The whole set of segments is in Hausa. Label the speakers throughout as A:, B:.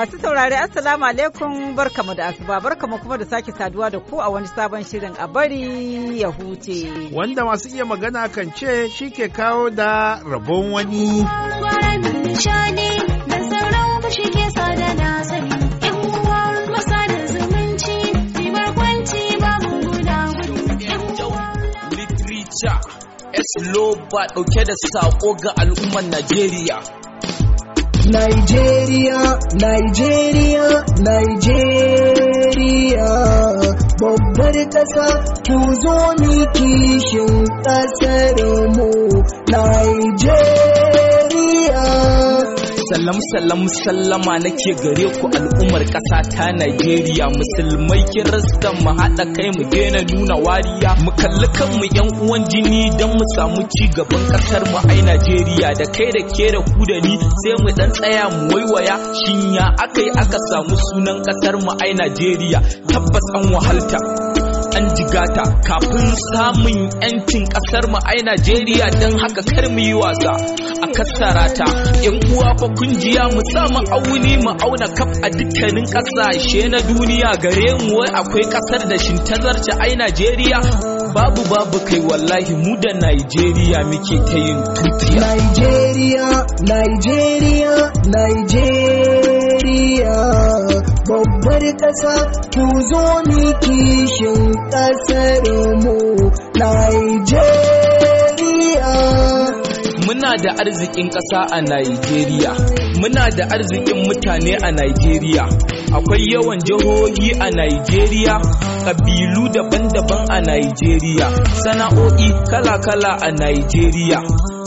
A: Masu saurari Assalamu alaikum barkamu da asuba barkamu kuma da sake saduwa da ku a wani sabon shirin a bari ya huce. Wanda masu iya magana kan ce shi ke kawo da rabon wani.
B: Literature, Esloba
C: ɗauke da saƙo ga al'ummar Najeriya.
B: Nigeria, Nigeria, Nigeria. Babbar ƙasa ku zo ni kishin ƙasar mu, Nigeria.
C: Salam salam sallama nake gare ku al'ummar ƙasa ta Najeriya musulmai kirista mu haɗa kai mu daina nuna wariya mu kalli kanmu yan uwan jini don mu samu ci gaban ƙasar mu ai Najeriya da kai da ke da ku da ni sai mu dan tsaya mu waiwaya shinya akai aka samu sunan ƙasar mu ai Najeriya tabbas an wahalta an jigata kafin samun yancin kasar mu ai Najeriya don haka kar mu yi wasa a kassara ta yan uwa fa kungiya mu sa mu auni mu auna kaf a dukkanin kasashe na duniya gare mu wai akwai kasar da shintazarce ai Najeriya babu babu kai wallahi mu da Najeriya
B: muke ta yin tutiya Najeriya Najeriya Najeriya babbar ƙasa ku zo ni kishin ƙasarmu mu Nigeria.
C: Muna da arzikin ƙasa a Nigeria, muna da arzikin mutane a Nigeria, akwai yawan jihohi a Nigeria, ƙabilu daban-daban a Nigeria, sana'o'i kala-kala a Nigeria.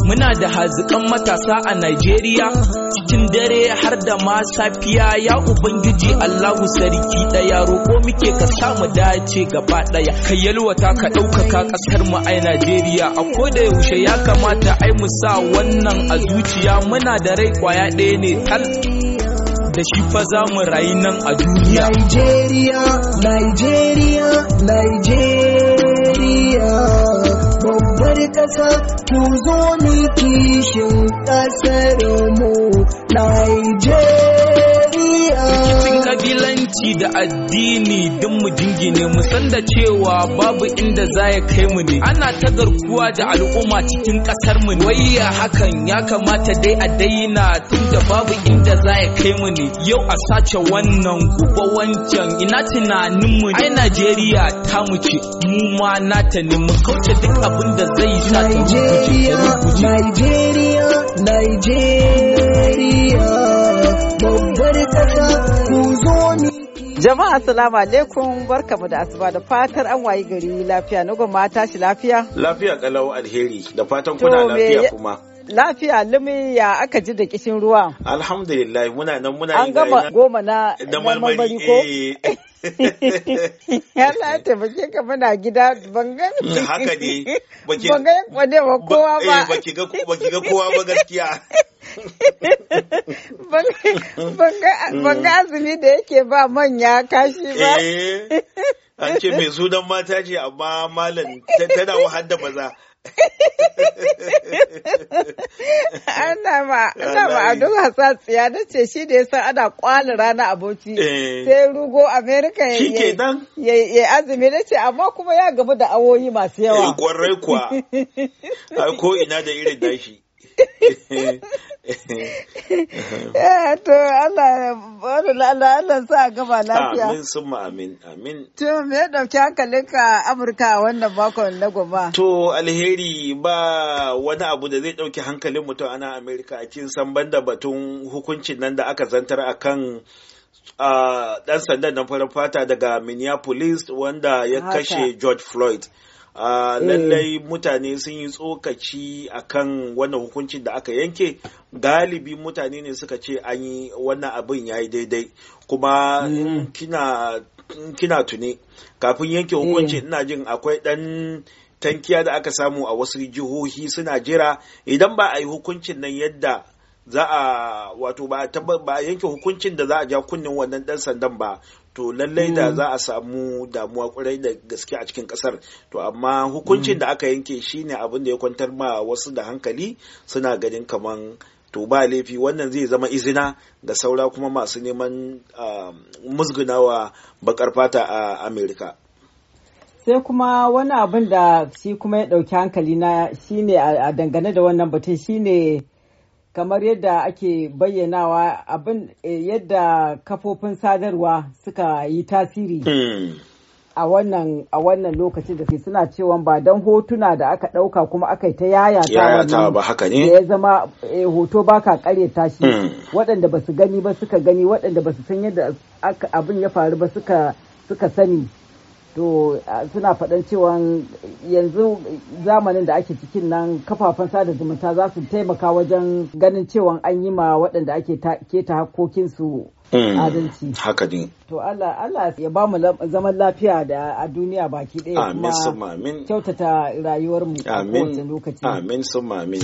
C: muna da hazikan matasa a Najeriya cikin dare har da ma safiya ya ubangiji Allahu sarki daya roko muke ka mu dace gaba daya ka yalwata ka ɗaukaka ƙasar mu a Najeriya a koda yaushe ya kamata ai mu sa wannan a zuciya muna da rai kwaya ɗaya ne tal da shi fa za mu rayu nan a duniya
B: Najeriya Najeriya Najeriya babbar ƙasa ku zo ni kishin ƙasar mu Nigeria rikicin kabilanci
C: da addini don mu jingine mu san da cewa babu inda za ya kai mu ne ana ta garkuwa da al'umma cikin kasar mu ne wayya hakan ya kamata dai a daina tun da babu inda za ya kai mu ne yau a sace wannan gobe wancan ina tunanin mu ai Najeriya ta mu ce mu ma nata ne mu kauce duk abin da zai sa ta Najeriya Najeriya
A: Najeriya Jama'a salamu alaikum barkamu da asuba da fatar an wayi gari lafiya na gwamma tashi lafiya.
D: Lafiya kalau alheri da fatan kuna lafiya kuma.
A: Lafiya lumi ya aka ji da kishin ruwa.
D: Alhamdulillah muna nan muna yin An gama goma
A: na marmari ko? Eh. Allah ta taimake ka muna gida ban ga mm, haka
D: ne ban ga
A: kwane ba kowa ba eh,
D: baki ga ga kowa ba gaskiya
A: mm. ban ga azumi da yake ba manya kashi ba
D: eh, an ce mai sunan mata ce amma malam tana wahar da maza
A: Ana ma, ana ado hatsatsiya na ce shi da ya san ana kwala rana aboki eh. sai rugo amerika ya azumi na ce amma kuma ya gamu da awoyi masu yawa eh, kwarai kuwa
D: ko ina da irin dashi
A: Eh, to Allah Allah sa gaba lafiya. Amin
D: summa amin amin.
A: To me ya dauki ka Amurka wannan makon na goma?
D: To alheri ba wani abu da zai dauki hankalin mutum ana Amerika a cikin san banda batun hukuncin nan da aka zantar akan a dan sandan na farar fata daga Minneapolis wanda ya kashe George Floyd. Eh. lallai mutane sun yi tsokaci a kan wannan hukuncin da aka yanke galibi mutane ne suka ce an yi wannan abin ya yi daidai kuma mm. kina kina tune kafin yanke hukunci mm. ina jin akwai dan tankiya da aka samu a wasu jihohi suna jira idan ba a yi hukuncin nan yadda za a wato ba a yanke hukuncin da za a ja kunnen wannan dan sandan ba to lallai da mm. za a samu damuwa kurai da gaske a cikin kasar to amma hukuncin mm. da aka yanke shine abin da ya kwantar ma wasu da hankali suna ganin kaman to ba laifi wannan zai zama izina da saura kuma masu neman musgunawa bakar fata a amerika
A: sai kuma wani abin da shi kuma ya ɗauki hankali na shine a dangane da wannan batun shine kamar yadda ake bayyanawa abin eh, yadda kafofin sadarwa suka yi tasiri hmm. a wannan a wannan lokacin da suna cewa ba don hotuna da aka ɗauka kuma aka yi ta yaya ba
D: haka ne ya
A: zama eh, hoto ba ka karyata shi hmm. waɗanda ba su gani ba suka gani waɗanda ba su san yadda abin ya faru ba suka suka sani to suna faɗan cewa yanzu zamanin da ake cikin nan kafafen sada zumunta za su taimaka wajen ganin cewa an yi ma waɗanda ake keta hakokinsu
D: hmm. adalci. Haka din.
A: To Allah Allah ya ba mu zaman lafiya da a duniya baki ɗaya amin mamin. kyautata rayuwarmu a kowace lokaci. Amin sun mamin.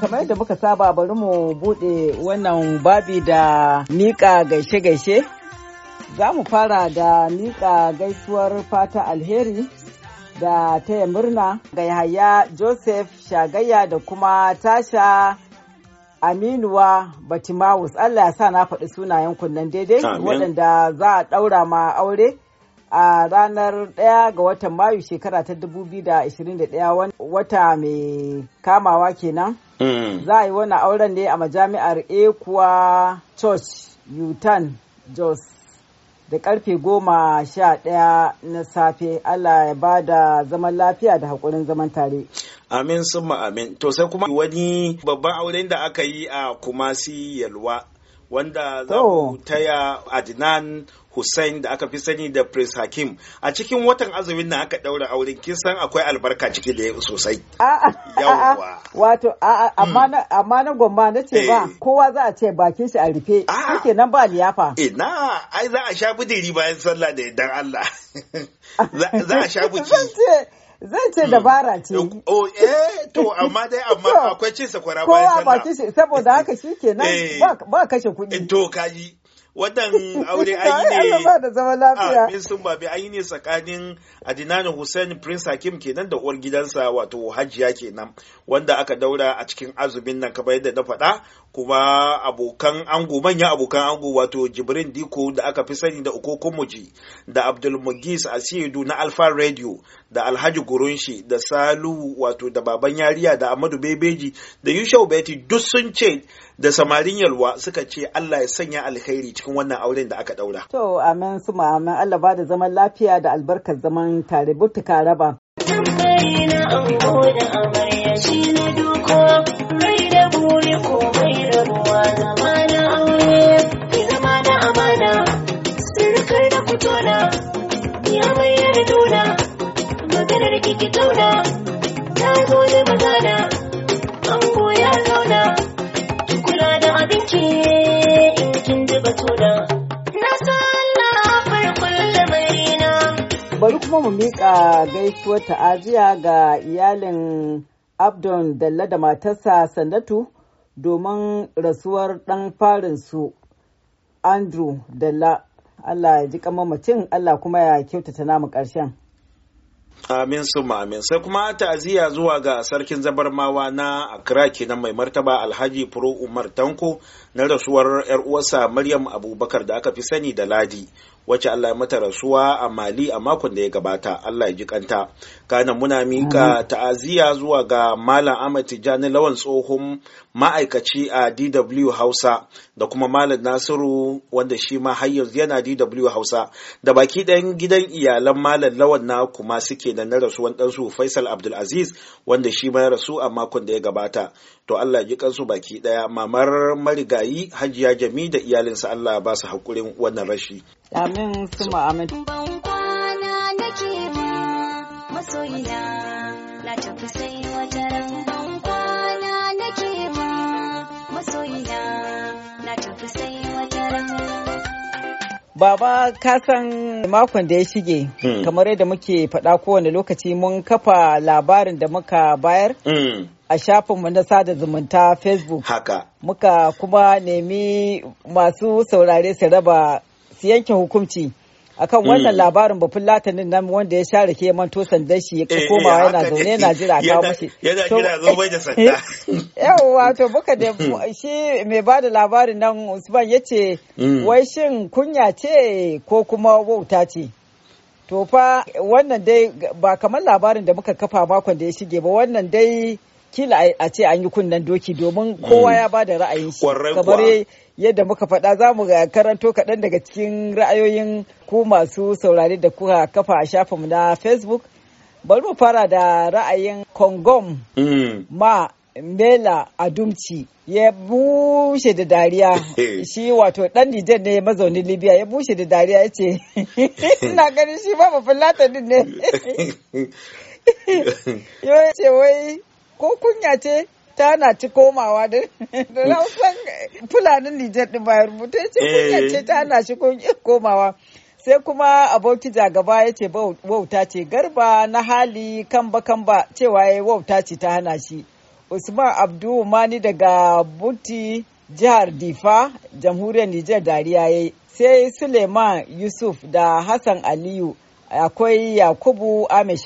A: kamar yadda muka saba bari mu bude wannan babi da nika gaishe-gaishe za mu fara da nika gaisuwar fata alheri da taya murna ga yahaya joseph shagayya da kuma tasha Aminuwa Batimawus Allah ya sa na faɗi sunayen kunnan daidai waɗanda za a ɗaura ma aure a ranar ɗaya ga watan Mayu shekara ta 2021 wata mai kamawa kenan. Mm. Za a yi wani auren ne a majami'ar Ekuwa Church, Utan, Jos. da karfe goma sha ɗaya na safe Allah ya ba da zaman lafiya da haƙurin zaman tare.
D: Amin sun amin. To sai kuma wani babban auren da aka yi a Kumasi Yalwa wanda za ku taya Adnan Hussein da aka fi sani da Prince Hakim a cikin watan azumin na aka daura auren kin san akwai albarka ciki da sosai
A: yawwa wato hmm. amma amma na gomma na ce ba eh. kowa za a ce bakin shi a rufe yake ah. nan ba liyafa ina
D: ai za a sha budiri bayan sallah da dan Allah
A: za a sha budiri zan ce dabara ce mm.
D: Oh, eh to amma dai amma akwai cin sakwara bayan kowa ba
A: saboda haka nan eh. ba kashe kuɗi eh, to kaji
D: wadan aure ayi yi ne. Allah da sun babi an yi ne tsakanin Adinani Hussein Prince Hakim kenan da uwar gidansa wato Hajiya kenan wanda aka daura a cikin azumin nan kamar yadda na faɗa kuma abokan ango manyan abokan ango wato Jibrin Diko da aka fi sani da Okokun Muji da Abdul Mugis Asidu na Alfa Radio da Alhaji Gurunshi da Salu wato da baban yariya da Amadu Bebeji da Yushau Beti duk sun ce da samarin yalwa suka ce Allah ya sanya alkhairi cikin wannan auren da
B: aka daura.
A: To amin su amin Allah ba da zaman lafiya da albarkar zaman tare burtuka raba. Tambayi na ango da amarya shi na duko
B: rai da buri ko bai ruwa zama na amana sirkar da kutona ya bayar nuna maganar kiki tauna na zo da magana ango ya zauna. nake in Na sallah farkon
A: Bari kuma mu miƙa gaisuwar ta'aziya ga iyalin Abdon Dalla da matarsa Sanatu, domin rasuwar ɗan farinsu Andrew Dalla. Allah ya ji kamar mutum Allah kuma ya kyautata namu ƙarshen.
D: amin su amin sai kuma ta'aziyya zuwa ga sarkin zabarmawa na Accra kenan mai martaba Alhaji Furo Umar Tanko na rasuwar yar uwarsa Maryam Abubakar da aka fi sani da Ladi wacce Allah ya mata rasuwa a Mali a makon da ya gabata Allah ya ji kanta kana muna mika ta'aziyya zuwa ga Malam Ahmad Tijani Lawan tsohon ma'aikaci a DW Hausa da kuma Malam Nasiru wanda shi ma har yanzu yana DW Hausa da baki ɗayan gidan iyalan Malam Lawan na kuma suke da na rasuwan ɗansu Faisal Abdul Aziz wanda shi ma ya rasu a makon da ya gabata to Allah ya ji kansu baki ɗaya mamar marigayi Hajiya Jami da iyalinsa Allah ya ba su hakurin wannan
A: rashi Amin su Muhammad.
B: Ban kwana nake ba masoyina na tafi sai wata ran ban kwana nake ba masoyina na tafi sai wata ran.
A: Baba san makon da ya shige hmm. kamar yadda muke faɗa kowane lokaci mun kafa labarin da muka bayar hmm. a shafinmu na sada zumunta Facebook. Haka. Muka kuma nemi masu saurare su raba su yanke hukunci akan mm. wannan labarin bafin latinin nan wanda ya share ke manto sandan shi ya eh, komawa eh, yana zaune yana jira kawo mashi yana jira zo bai da eh, sanda yawa to buka da mm. shi mai bada da labarin nan Usman yace mm. wai shin kunya ce ko kuma wauta ce to fa wannan dai ba kamar labarin da muka kafa makon da ya shige ba wannan dai kila a ce an yi kunnen doki domin kowa ya bada da ra'ayin shi kamar yadda muka faɗa za mu karanto kaɗan daga cikin ra'ayoyin ku masu saurari da kuka kafa a shafinmu na facebook bari mu fara da ra'ayin kongom mm. ma mela adumci ya bushe da dariya shi wato dan nijar ne mazaunin libya ya bushe da dariya ya ce ina ganin shi ba mafi latinin ne ya ce wai ko kunya ce ta na ci komawa da fulanin Nijar din bayar rubuta ya ce kunya eh. ce ta komawa. Sai kuma aboki jagaba ya ce wauta ce garba na hali kan kamba cewa ya wauta ce ta hana shi. Usman Abdu daga Buti jihar Difa jamhuriyar Nijar dariya ya yi. Sai Suleiman Yusuf da Hassan Aliyu akwai yakubu ame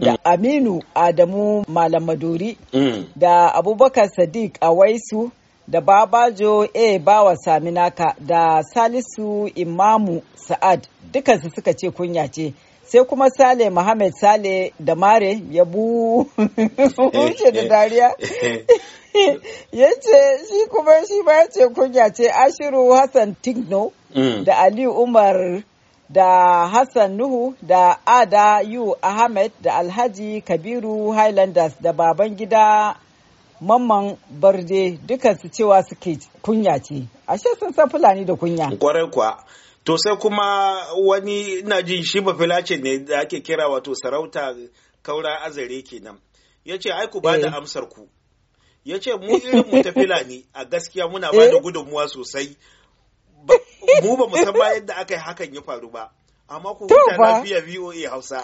A: da mm. aminu adamu malam maduri mm. da abubakar sadiq awaisu da babajo e bawa saminaka da salisu imamu sa'ad dukansu suka ce kunya ce sai kuma sale muhammad sale da mare ya buce da dariya ya ce shi kuma shi ba ce kunya ce ashiru hassan tigno mm. da aliyu umar da Hassan Nuhu da Ada Yu Ahmed da Alhaji Kabiru Highlanders da baban gida Mamman Barde su cewa suke kunya ce. Ashe sun san Fulani da kunya.
D: Kwarai kuwa. To sai kuma wani na jin shi ba filace ne da ake kira wato sarauta kaura azare kenan. Ya ce ai ku ba da eh. amsar ku. Ya ce mu irin mu ta Fulani a gaskiya muna ba da eh. gudunmuwa sosai mu ba mu san ba yadda aka yi hakan ya faru ba amma ku huta lafiya VOA Hausa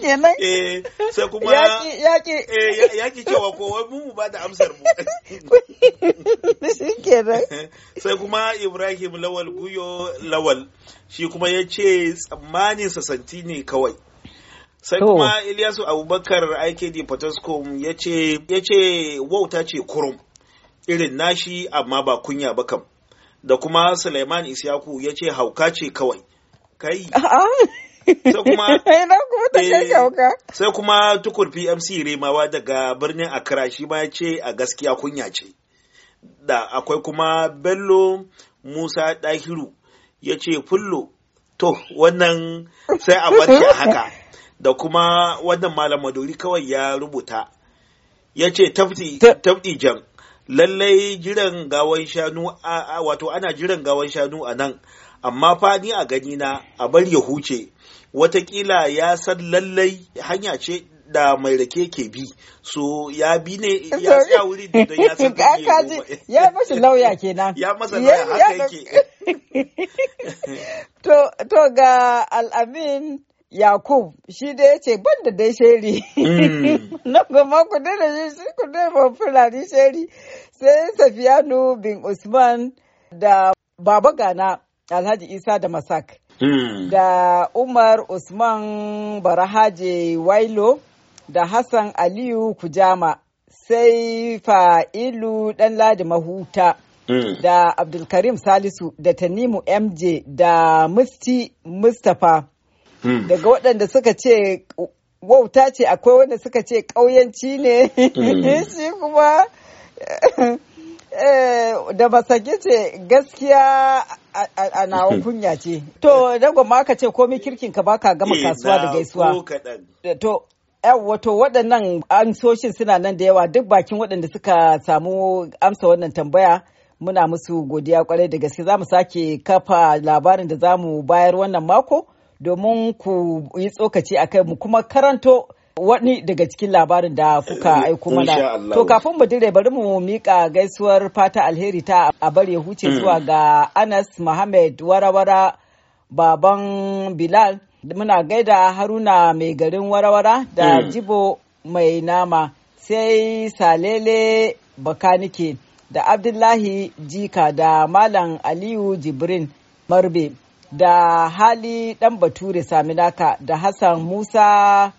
D: kenan eh sai kuma yaki eh yaki cewa ko wai mu ba da amsar mu kenan sai kuma Ibrahim Lawal Guyo Lawal shi kuma ya ce tsammanin sasanti ne kawai sai kuma Ilyasu Abubakar IKD Potoscom ya ce wauta ce kurum irin nashi amma ba kunya ba kam da kuma Suleiman Isyaku ya ce hauka ce kawai kai ah.
A: eh,
D: sai kuma tukur PMC Remawa daga birnin Accra shi ma ya ce a gaskiya kunya ce da akwai kuma Bello Musa Dahiru ya ce fullo to wannan sai a bata haka da kuma wannan malam maduri kawai ya rubuta ya ce tafdi jam lallai jiran gawan shanu a wato ana jiran gawan shanu a nan amma fa ni a gani na a bar ya huce watakila ya san lallai hanya ce da mai rake ke bi so ya bi ne ya tsaya
B: wuri da ya san
A: ya mashi lauya kenan ya masa lauya haka yake to ga al'amin Yakub shi da ya ce ban da dai sheri. Mm. Na goma ku da shi ku ban fulani sheri sai Safiyanu bin Usman da Baba Gana Alhaji Isa da Masak. Mm. Da Umar Usman Barahaje Wailo da Hassan Aliyu Kujama sai Fa'ilu ɗan Ladi Mahuta. Mm. da Abdulkarim Salisu da Tanimu MJ da Musti Mustapha Hmm. daga waɗanda suka ce wauta ce akwai wanda suka ce ƙauyanci ne hmm. shi kuma eh, da masage ce gaskiya a nawa hmm. kunya ce to dago ma aka ce komai kirkin ka baka gama eh, kasuwa da gaisuwa to wato waɗannan an soshin suna nan da yawa duk bakin waɗanda suka samu amsa wannan tambaya muna musu godiya kwarai da gaske za mu sake kafa labarin da za mu bayar wannan mako domin ku yi tsokaci a kai mu kuma karanto wani daga cikin labarin da kuka eh, aiko mana. To kafin mu dire bari mu mika gaisuwar fata alheri ta a bari huce mm. zuwa ga Anas Muhammad warawara baban Bilal. Muna gaida Haruna mai garin warawara da mm. Jibo mai nama sai Salele Bakanike da Abdullahi Jika da Malam Aliyu Jibrin Marbe. da hali dan bature saminaka da hassan musa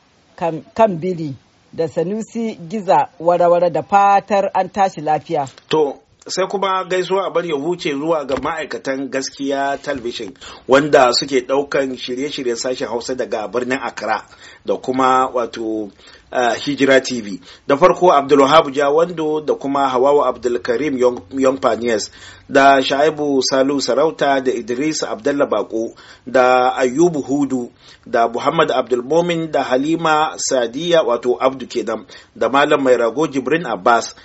A: kambili da sanusi giza warawara da fatar an tashi lafiya
D: to sai kuma gaisuwa a bar ya huce zuwa ga ma'aikatan gaskiya talbishin wanda suke daukan shirye-shiryen sashen hausa daga birnin accra da kuma wato eh, hijira tv da farko abdulwahab jawando da kuma hawawa abdulkarim young pioneers da sha'ibu salu sarauta da idris Abdullahi bako da ayubu hudu da muhammad abdulmomin da halima sadiya wato abdu kenan da malam mai rago jibrin abbas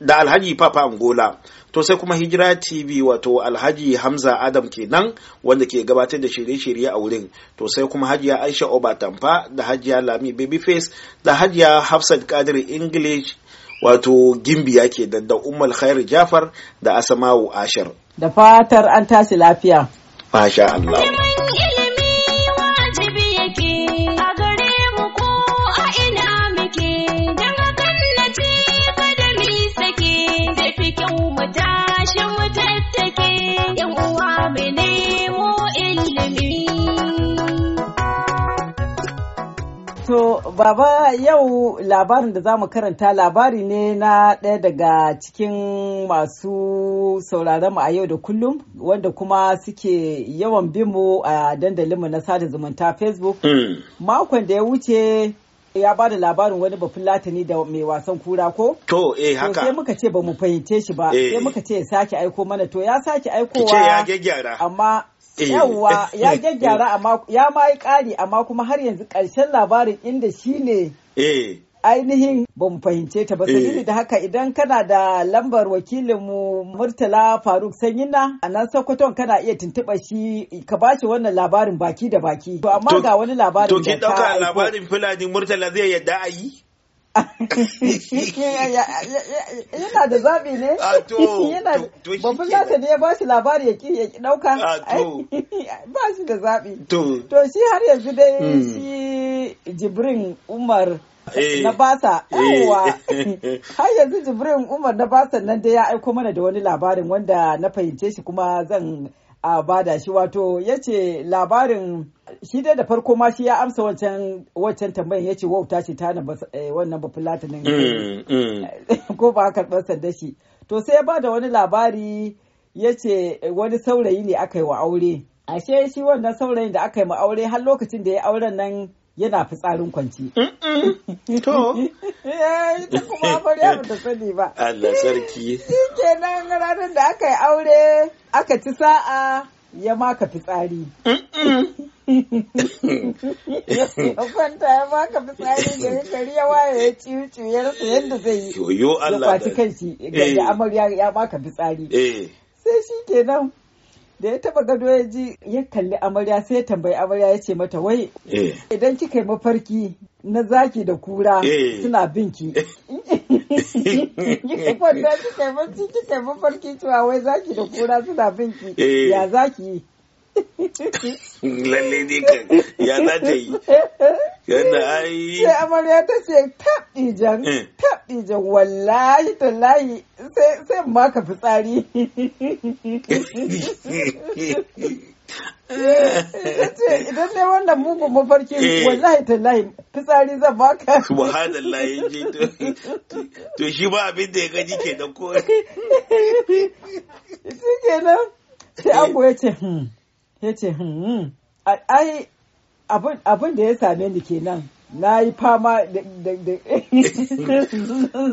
D: da alhaji papa angola to sai kuma hijira tv wato alhaji hamza adam kenan wanda ke gabatar da shirye-shirye a wurin to sai kuma hajiya aisha tampa da hajiya lami babyface da hajiya hafsat kadir english wato gimbiya ke da umar khair jafar da asamawu ashar
A: da fatar an tasi lafiya
D: masha allah
A: Baba yau labarin da za mu karanta labari ne na ɗaya daga cikin masu sauraron mu a yau da kullum wanda kuma suke yawan binmu a dandalinmu na sada zumunta Facebook. Hmm. Makon da ya wuce ya ba da labarin wani bafin latani da mai wasan kura ko? To, eh haka. Sai muka ce ba mu fahimce shi ba, eh. sai muka ce ya sake aiko mana to ya sake aikowa. ya Amma yawwa ya eh. gyaggyara amma ya ma yi ƙari amma kuma har yanzu ƙarshen labarin inda shi ne eh. ainihin ba mu fahimce ta ba eh. sabili da haka idan kana da lambar wakilinmu murtala faruk sanyina a nan sokoton kana iya tuntuɓa shi ka ba shi wannan labarin baki da baki to amma ga wani labarin to ke ɗauka
B: labarin
D: fulani murtala zai yadda a yi
A: yana da zaɓi ne babu zata ne ya ba shi labari ya ki ɗauka ah, ba shi da zaɓi to shi har yanzu dai hmm. shi jibrin umar eh. na basa eh. yawa har yanzu jibrin umar na basa nan dai ya aiko mana da wani labarin wanda na fahimce shi kuma zan a bada shi wato ya ce labarin shi dai da farko ma shi ya amsa wancan wancan tambayin ya ce wauta ce ta na eh, wannan bafulatinin mm,
B: mm.
A: ko ba karɓar sanda shi to sai ya bada wani labari ya ce eh, wani saurayi ne aka yi wa aure ashe shi wannan saurayin da aka yi ma aure har lokacin da ya auren nan yana fitsarin kwanci. To. Eh, ita kuma Maryam ta sani ba. Allah sarki. Shi kenan ranar da aka yi aure aka ci sa'a ya maka fitsari. Ya kwanta ya maka fitsari da ya kari ya waye ya ya yadda zai yi. Yoyo Allah. Ya kwaci kanci. ga eh. amarya ya maka fitsari. Eh. Sai shi kenan da ya taba gado ya ji ya kalli amarya sai ya tambayi amarya ya ce mata wai eh. idan kika yi mafarki na zaki da kura eh. suna binki kika yi mafarki cewa wai zaki da kura suna binki eh. ya zaki
D: lalle ne ka ya za ta yi
A: yadda ai sai amarya ta ce taɓi jan eh. taɓi jan wallahi ta layi sai ma ka fitsari idan ne wannan mugu mafarki eh. wallahi ta tallahi fitsari zan baka
D: subhanallah ya je to shi ba abin da ya gaji ke da ko
A: shi kenan sai an ya ce hmm. ya ce hmm, ai abin da ya same ni kenan na yi fama da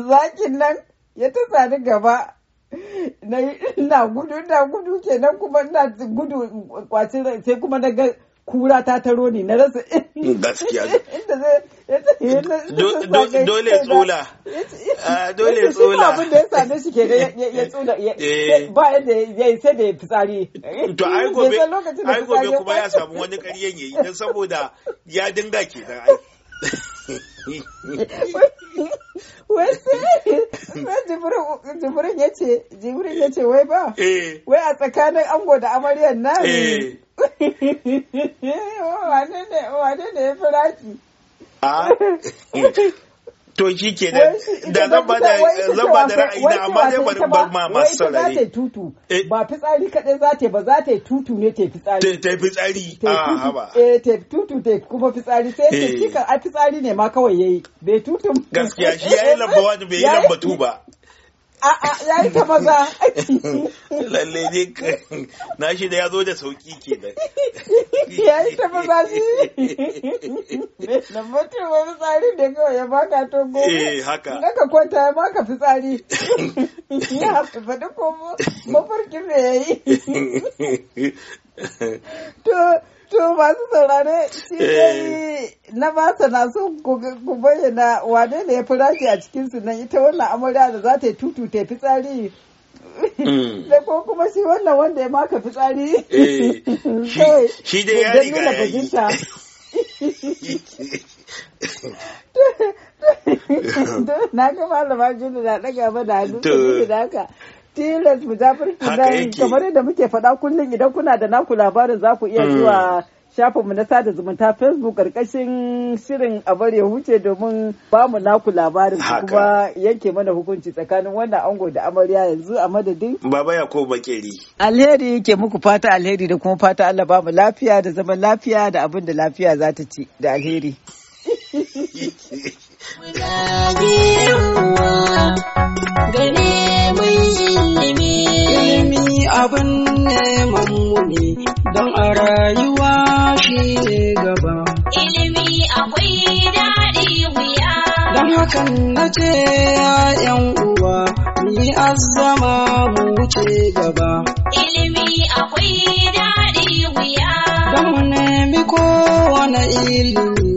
A: zakin nan ya ta sani gaba na gudu na gudu kenan kuma na gudu kwacin sai kuma na ga kura ta taro ne na rasa gaskiya
B: dole tsula dole tsula abin da ya
A: same shi ke ya tsula
B: eh.
A: ba yadda ya yi sai da ya fitsari to ai gobe ai gobe kuma ya samu wani ƙaryen yayi dan saboda ya dinga ke dan ai jibirin ya ce jibirin ya ce wai ba eh. wai a tsakanin ango da amaryar nan eh. oh, wane ne ya firaki?
D: ha. Ah. to shi ke da da zan ba da zan da ra'ayi amma dai bari bar ma masu saurari. wai
A: tutu eh. ba fitsari kadai za ta ba za ta tutu ne ta fitsari
D: ta fitsari a ah, haba
A: eh ta tutu ta kuma fitsari sai ta eh. kika a fitsari ne ma kawai yayi bai tutun
D: gaskiya shi yayi lamba wani bai yi lamba ba
A: A'a ya yi ta maza.
D: Lalle ne na shi da ya zo da sauki ke da.
A: Ya yi ta maza shi. Na mutum wani tsari da kawai ya baka to gobe. Eh haka. In ka kwanta ya baka fitsari. Ya faɗi ko mafarkin da ya yi. To To masu saurare shi dai eh. na basa na so ku bayyana wane ne ya fi rashi a cikinsu nan ita wannan amarya da za ta yi tutu ta tsari. da hmm. ko kuma shi wannan wanda ya maka fitsari
B: eh. shi dai ya riga ya yi
A: na ga malama jini na daga ba da hannu da haka tilas mujafirki nan kamar yadda muke faɗa kullum idan kuna da naku labarin za ku iya hmm. zuwa shafinmu na sada zumunta facebook karkashin shirin a ya huce domin bamu mu naku labarin kuma yanke mana hukunci tsakanin wannan ango da amarya yanzu a madadin baba ya ko bakeri alheri ke muku fata alheri da kuma fata allah bamu lafiya da zaman lafiya da abin da lafiya za ta ci da alheri don a rayuwa shi ne gaba. Ilimi akwai daɗi wuya. Don hakan na ce ‘ya'yan uwa, ni azama mu wuce gaba. Ilimi akwai daɗi wuya. Don mu nemi kowane ilimi,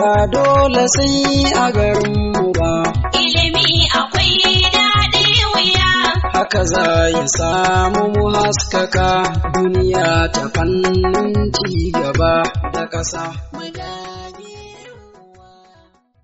A: ba dole sai a garinmu ba. Ilimi akwai haka za ya samu mu haskaka duniya ta
B: fannin ci gaba da ƙasa.